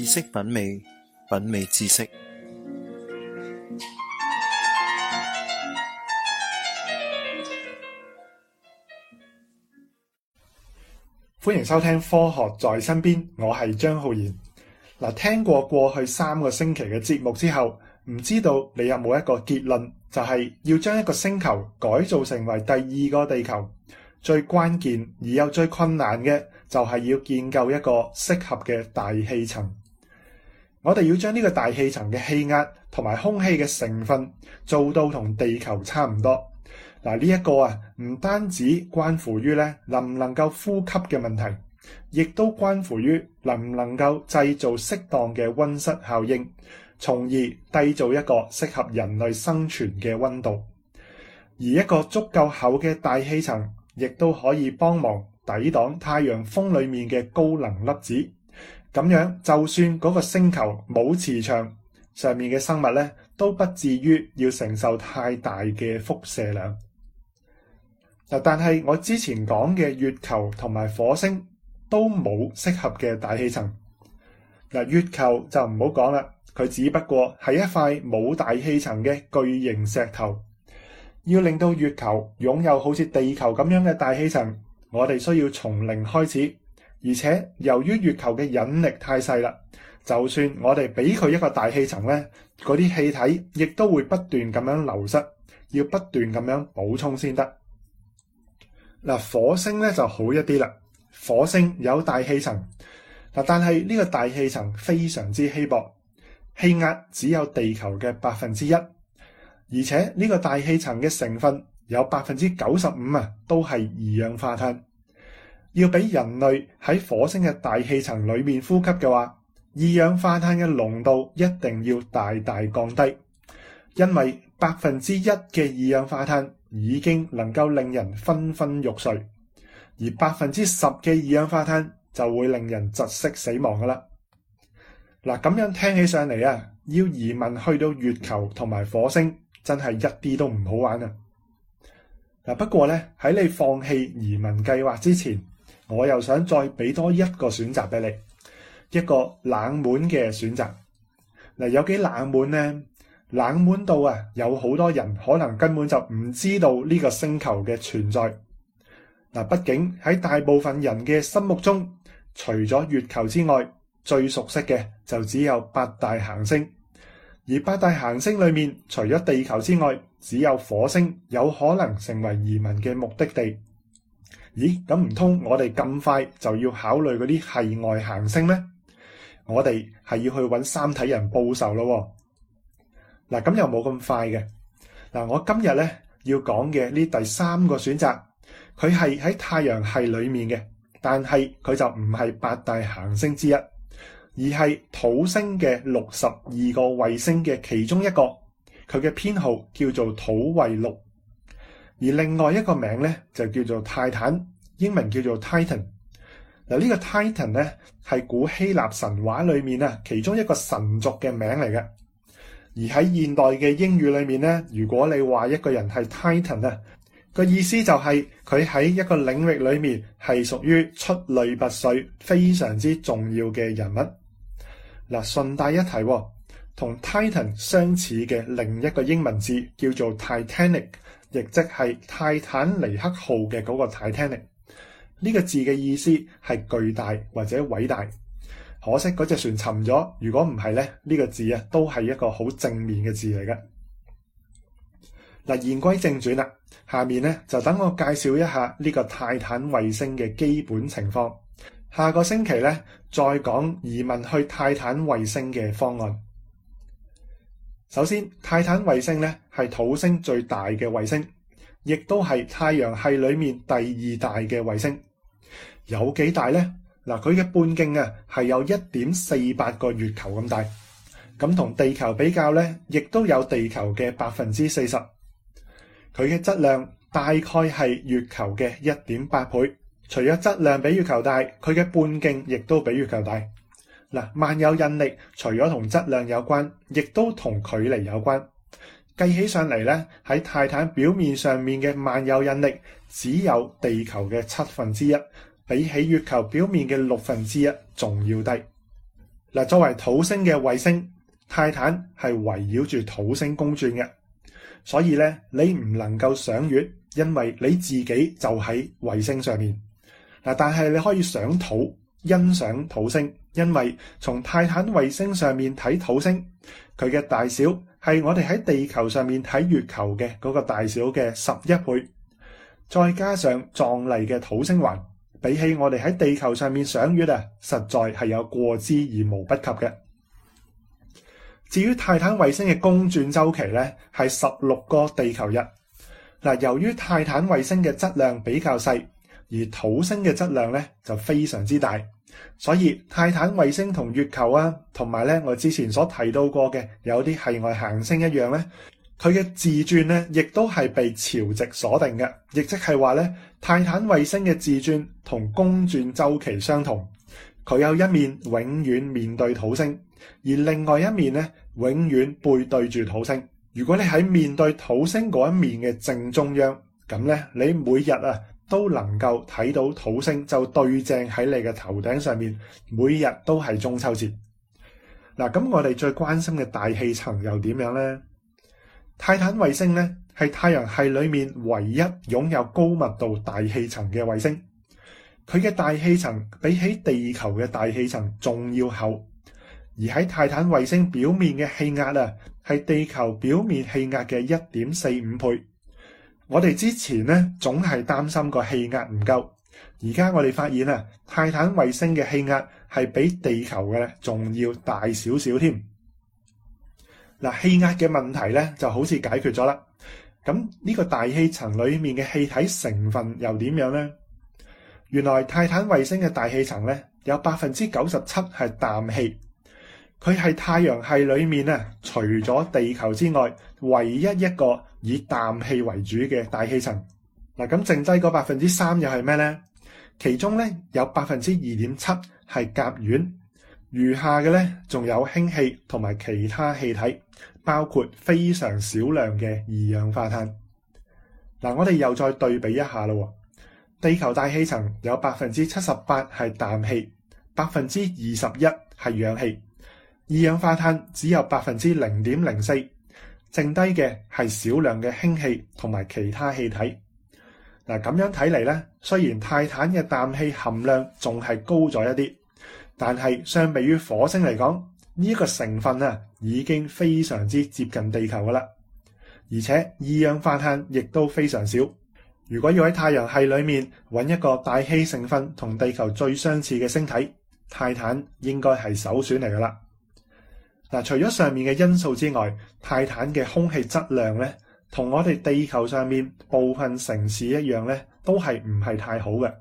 知識品味，品味知識。歡迎收聽《科學在身邊》，我係張浩然。嗱，聽過過去三個星期嘅節目之後，唔知道你有冇一個結論，就係要將一個星球改造成為第二個地球，最關鍵而又最困難嘅，就係要建構一個適合嘅大氣層。我哋要將呢個大氣層嘅氣壓同埋空氣嘅成分做到同地球差唔多。嗱，呢一個啊，唔單止關乎於咧能唔能夠呼吸嘅問題，亦都關乎於能唔能夠製造適當嘅温室效應，從而締造一個適合人類生存嘅温度。而一個足夠厚嘅大氣層，亦都可以幫忙抵擋太陽風裏面嘅高能粒子。咁樣，就算嗰個星球冇磁場，上面嘅生物咧，都不至於要承受太大嘅輻射量。嗱，但係我之前講嘅月球同埋火星都冇適合嘅大氣層。嗱，月球就唔好講啦，佢只不過係一塊冇大氣層嘅巨型石頭。要令到月球擁有好似地球咁樣嘅大氣層，我哋需要從零開始。而且由於月球嘅引力太細啦，就算我哋俾佢一個大氣層呢，嗰啲氣體亦都會不斷咁樣流失，要不斷咁樣補充先得。嗱，火星呢就好一啲啦，火星有大氣層，但係呢個大氣層非常之稀薄，氣壓只有地球嘅百分之一，而且呢個大氣層嘅成分有百分之九十五啊，都係二氧化碳。要俾人類喺火星嘅大氣層裏面呼吸嘅話，二氧化碳嘅濃度一定要大大降低，因為百分之一嘅二氧化碳已經能夠令人昏昏欲睡，而百分之十嘅二氧化碳就會令人窒息死亡㗎喇。嗱，咁樣聽起上嚟啊，要移民去到月球同埋火星，真係一啲都唔好玩啊！嗱，不過呢，喺你放棄移民計劃之前，我又想再俾多一個選擇俾你，一個冷門嘅選擇。嗱，有幾冷門呢？冷門到啊，有好多人可能根本就唔知道呢個星球嘅存在。嗱，畢竟喺大部分人嘅心目中，除咗月球之外，最熟悉嘅就只有八大行星。而八大行星裏面，除咗地球之外，只有火星有可能成為移民嘅目的地。咦，咁唔通我哋咁快就要考慮嗰啲系外行星咩？我哋係要去揾三體人報仇咯喎！嗱，咁又冇咁快嘅。嗱，我今日咧要講嘅呢，第三個選擇，佢係喺太陽系裡面嘅，但係佢就唔係八大行星之一，而係土星嘅六十二個衛星嘅其中一個，佢嘅編號叫做土衛六。而另外一個名咧就叫做泰坦，英文叫做 Titan。嗱，呢個 Titan 咧係古希臘神話裏面啊，其中一個神族嘅名嚟嘅。而喺現代嘅英語裏面咧，如果你話一個人係 Titan 啊，個意思就係佢喺一個領域裏面係屬於出類拔萃、非常之重要嘅人物。嗱，順帶一提，同 Titan 相似嘅另一個英文字叫做 Titanic。亦即係泰坦尼克號嘅嗰個 Titanic，呢個字嘅意思係巨大或者偉大。可惜嗰隻船沉咗。如果唔係呢，呢個字啊都係一個好正面嘅字嚟嘅。嗱，言歸正傳啦，下面呢就等我介紹一下呢個泰坦衛星嘅基本情況。下個星期呢，再講移民去泰坦衛星嘅方案。首先，泰坦衛星呢。係土星最大嘅衛星，亦都係太陽系裏面第二大嘅衛星。有幾大呢？嗱，佢嘅半徑啊，係有一點四八個月球咁大。咁同地球比較呢，亦都有地球嘅百分之四十。佢嘅質量大概係月球嘅一點八倍。除咗質量比月球大，佢嘅半徑亦都比月球大。嗱，萬有引力除咗同質量有關，亦都同距離有關。計起上嚟咧，喺泰坦表面上面嘅萬有引力只有地球嘅七分之一，比起月球表面嘅六分之一仲要低。嗱，作為土星嘅衛星，泰坦係圍繞住土星公轉嘅，所以咧你唔能夠賞月，因為你自己就喺衛星上面。嗱，但係你可以賞土，欣賞土星，因為從泰坦衛星上面睇土星，佢嘅大小，係我哋喺地球上面睇月球嘅嗰個大小嘅十一倍，再加上壯麗嘅土星環，比起我哋喺地球上面賞月啊，實在係有過之而無不及嘅。至於泰坦衛星嘅公轉週期咧，係十六個地球日。嗱，由於泰坦衛星嘅質量比較細，而土星嘅質量咧就非常之大。所以，泰坦衛星同月球啊，同埋咧我之前所提到過嘅有啲系外行星一樣咧，佢嘅自轉咧亦都係被潮汐鎖定嘅，亦即係話咧，泰坦衛星嘅自轉同公轉周期相同，佢有一面永遠面對土星，而另外一面咧永遠背對住土星。如果你喺面對土星嗰一面嘅正中央，咁咧你每日啊～都能夠睇到土星就對正喺你嘅頭頂上面，每日都係中秋節。嗱，咁我哋最關心嘅大氣層又點樣呢？泰坦衛星呢係太陽系裏面唯一擁有高密度大氣層嘅衛星，佢嘅大氣層比起地球嘅大氣層仲要厚，而喺泰坦衛星表面嘅氣壓啊，係地球表面氣壓嘅一點四五倍。我哋之前咧，總係擔心個氣壓唔夠，而家我哋發現啊，泰坦衛星嘅氣壓係比地球嘅仲要大少少添。嗱，氣壓嘅問題咧就好似解決咗啦。咁呢個大氣層裏面嘅氣體成分又點樣呢？原來泰坦衛星嘅大氣層咧有百分之九十七係氮氣，佢係太陽系裏面啊，除咗地球之外唯一一個。以氮氣為主嘅大氣層，嗱，咁剩低嗰百分之三又係咩呢？其中咧有百分之二點七係甲烷，餘下嘅咧仲有氫氣同埋其他氣體，包括非常少量嘅二氧化碳。嗱，我哋又再對比一下啦。地球大氣層有百分之七十八係氮氣，百分之二十一係氧氣，二氧化碳只有百分之零點零四。剩低嘅係少量嘅氫氣同埋其他氣體。嗱，咁樣睇嚟咧，雖然泰坦嘅氮氣含量仲係高咗一啲，但係相比於火星嚟講，呢一個成分啊已經非常之接近地球噶啦。而且二氧化碳亦都非常少。如果要喺太陽系裡面揾一個大氣成分同地球最相似嘅星體，泰坦應該係首選嚟噶啦。嗱，除咗上面嘅因素之外，泰坦嘅空氣質量咧，同我哋地球上面部分城市一樣咧，都係唔係太好嘅。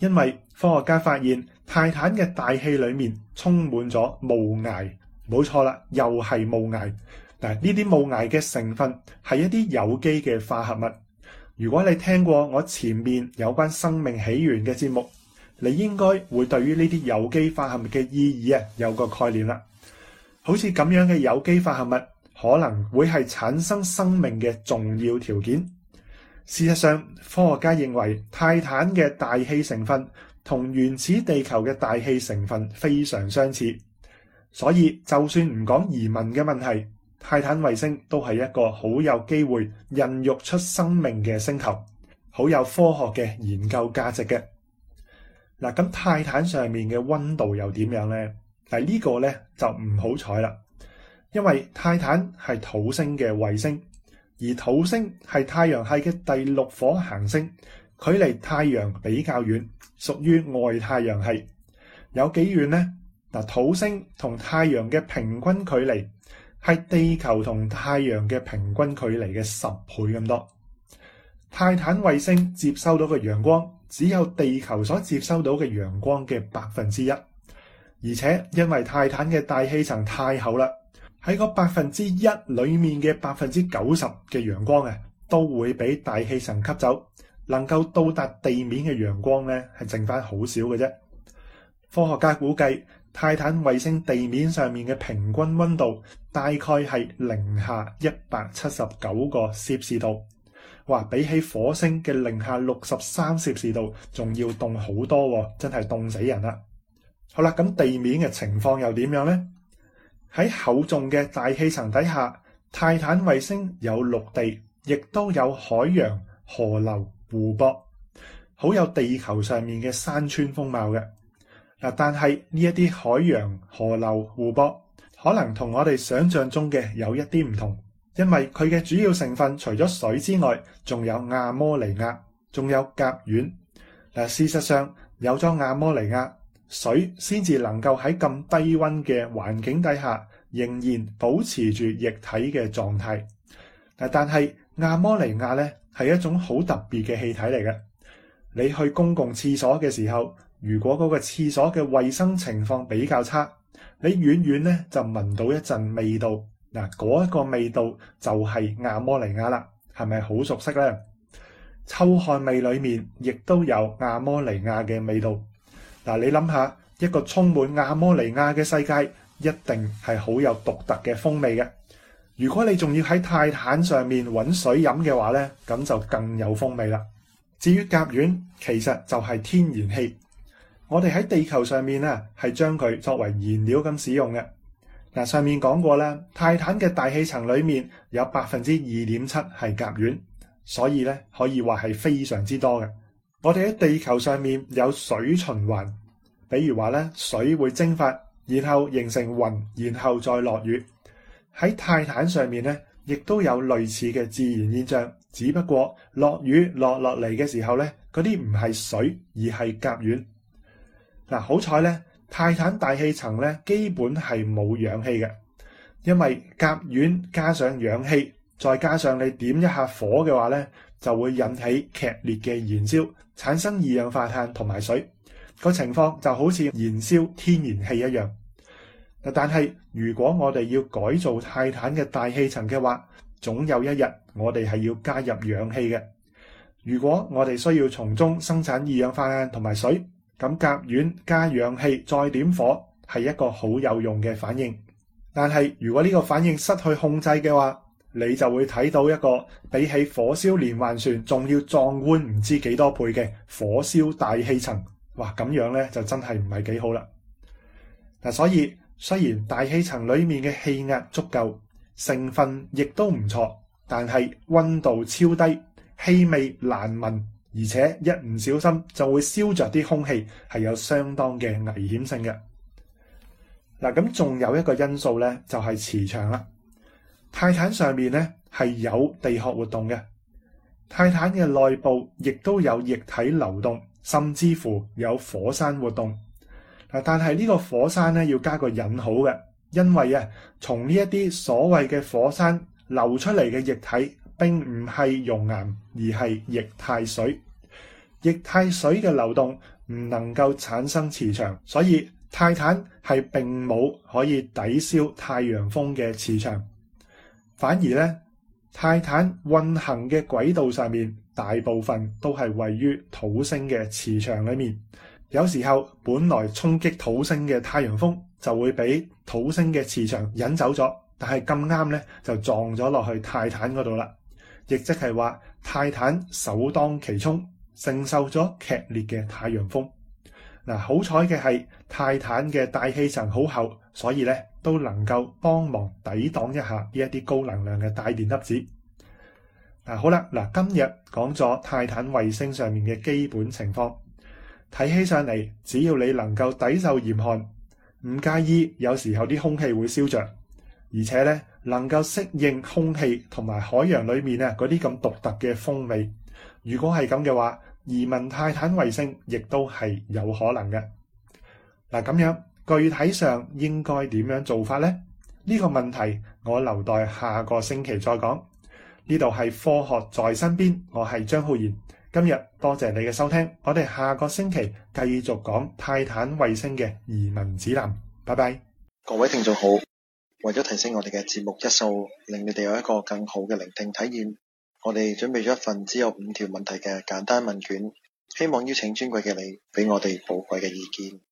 因為科學家發現泰坦嘅大氣裡面充滿咗霧靄，冇錯啦，又係霧靄。嗱，呢啲霧靄嘅成分係一啲有機嘅化合物。如果你聽過我前面有關生命起源嘅節目，你應該會對於呢啲有機化合物嘅意義啊有個概念啦。好似咁樣嘅有機化合物可能會係產生生命嘅重要條件。事實上，科學家認為泰坦嘅大氣成分同原始地球嘅大氣成分非常相似，所以就算唔講移民嘅問題，泰坦衛星都係一個好有機會孕育出生命嘅星球，好有科學嘅研究價值嘅。嗱，咁泰坦上面嘅溫度又點樣呢？但呢個咧就唔好彩啦，因為泰坦係土星嘅衛星，而土星係太陽系嘅第六顆行星，距離太陽比較遠，屬於外太陽系。有幾遠呢？嗱，土星同太陽嘅平均距離係地球同太陽嘅平均距離嘅十倍咁多。泰坦衛星接收到嘅陽光只有地球所接收到嘅陽光嘅百分之一。而且因為泰坦嘅大氣層太厚啦，喺個百分之一裏面嘅百分之九十嘅陽光嘅都會俾大氣層吸走，能夠到達地面嘅陽光咧係剩翻好少嘅啫。科學家估計，泰坦衛星地面上面嘅平均溫度大概係零下一百七十九個攝氏度，哇，比起火星嘅零下六十三攝氏度仲要凍好多，真係凍死人啦！好啦，咁地面嘅情況又點樣呢？喺厚重嘅大氣層底下，泰坦衛星有陸地，亦都有海洋、河流、湖泊，好有地球上面嘅山川風貌嘅嗱。但係呢一啲海洋、河流、湖泊可能同我哋想象中嘅有一啲唔同，因為佢嘅主要成分除咗水之外，仲有亞摩尼亞，仲有甲烷嗱。事實上，有咗亞摩尼亞，水先至能夠喺咁低溫嘅環境底下，仍然保持住液體嘅狀態。嗱，但係亞摩尼亞咧，係一種好特別嘅氣體嚟嘅。你去公共廁所嘅時候，如果嗰個廁所嘅衛生情況比較差，你遠遠咧就聞到一陣味道，嗱，嗰一個味道就係亞摩尼亞啦，係咪好熟悉咧？臭汗味裏面亦都有亞摩尼亞嘅味道。嗱，你諗下，一個充滿亞摩尼亞嘅世界，一定係好有獨特嘅風味嘅。如果你仲要喺泰坦上面揾水飲嘅話咧，咁就更有風味啦。至於甲烷，其實就係天然氣，我哋喺地球上面啊，係將佢作為燃料咁使用嘅。嗱，上面講過啦，泰坦嘅大氣層裡面有百分之二點七係甲烷，所以咧可以話係非常之多嘅。我哋喺地球上面有水循環，比如話咧，水會蒸發，然後形成雲，然後再落雨。喺泰坦上面咧，亦都有類似嘅自然現象，只不過落雨落落嚟嘅時候咧，嗰啲唔係水，而係甲烷。嗱，好彩咧，泰坦大氣層咧基本係冇氧氣嘅，因為甲烷加上氧氣，再加上你點一下火嘅話咧，就會引起劇烈嘅燃燒產生二氧化碳同埋水，個情況就好似燃燒天然氣一樣。但係如果我哋要改造泰坦嘅大氣層嘅話，總有一日我哋係要加入氧氣嘅。如果我哋需要從中生產二氧化碳同埋水，咁甲烷加氧氣再點火係一個好有用嘅反應。但係如果呢個反應失去控制嘅話，你就會睇到一個比起火燒連環船仲要壯觀唔知幾多倍嘅火燒大氣層，哇！咁樣咧就真係唔係幾好啦。嗱，所以雖然大氣層裡面嘅氣壓足夠，成分亦都唔錯，但係溫度超低，氣味難聞，而且一唔小心就會燒着啲空氣，係有相當嘅危險性嘅。嗱，咁仲有一個因素咧，就係磁場啦。泰坦上面咧係有地殼活動嘅，泰坦嘅內部亦都有液體流動，甚至乎有火山活動嗱。但係呢個火山咧要加個引號嘅，因為啊，從呢一啲所謂嘅火山流出嚟嘅液體，並唔係熔岩，而係液態水。液態水嘅流動唔能夠產生磁場，所以泰坦係並冇可以抵消太陽風嘅磁場。反而咧，泰坦運行嘅軌道上面，大部分都係位於土星嘅磁場裏面。有時候，本來衝擊土星嘅太陽風就會俾土星嘅磁場引走咗，但係咁啱咧，就撞咗落去泰坦嗰度啦。亦即係話，泰坦首當其衝，承受咗劇烈嘅太陽風。嗱，好彩嘅係泰坦嘅大氣層好厚，所以咧，都能夠幫忙抵擋一下呢一啲高能量嘅帶電粒子。嗱，好啦，嗱，今日講咗泰坦衛星上面嘅基本情況，睇起上嚟，只要你能夠抵受嚴寒，唔介意有時候啲空氣會燒着，而且咧，能夠適應空氣同埋海洋裏面啊嗰啲咁獨特嘅風味。如果係咁嘅話，移民泰坦衛星亦都係有可能嘅。嗱，咁樣。具體上應該點樣做法呢？呢個問題我留待下個星期再講。呢度係科學在身邊，我係張浩然。今日多謝你嘅收聽，我哋下個星期繼續講泰坦衛星嘅移民指南。拜拜，各位聽眾好。為咗提升我哋嘅節目質素，令你哋有一個更好嘅聆聽體驗，我哋準備咗一份只有五條問題嘅簡單問卷，希望邀請尊貴嘅你俾我哋寶貴嘅意見。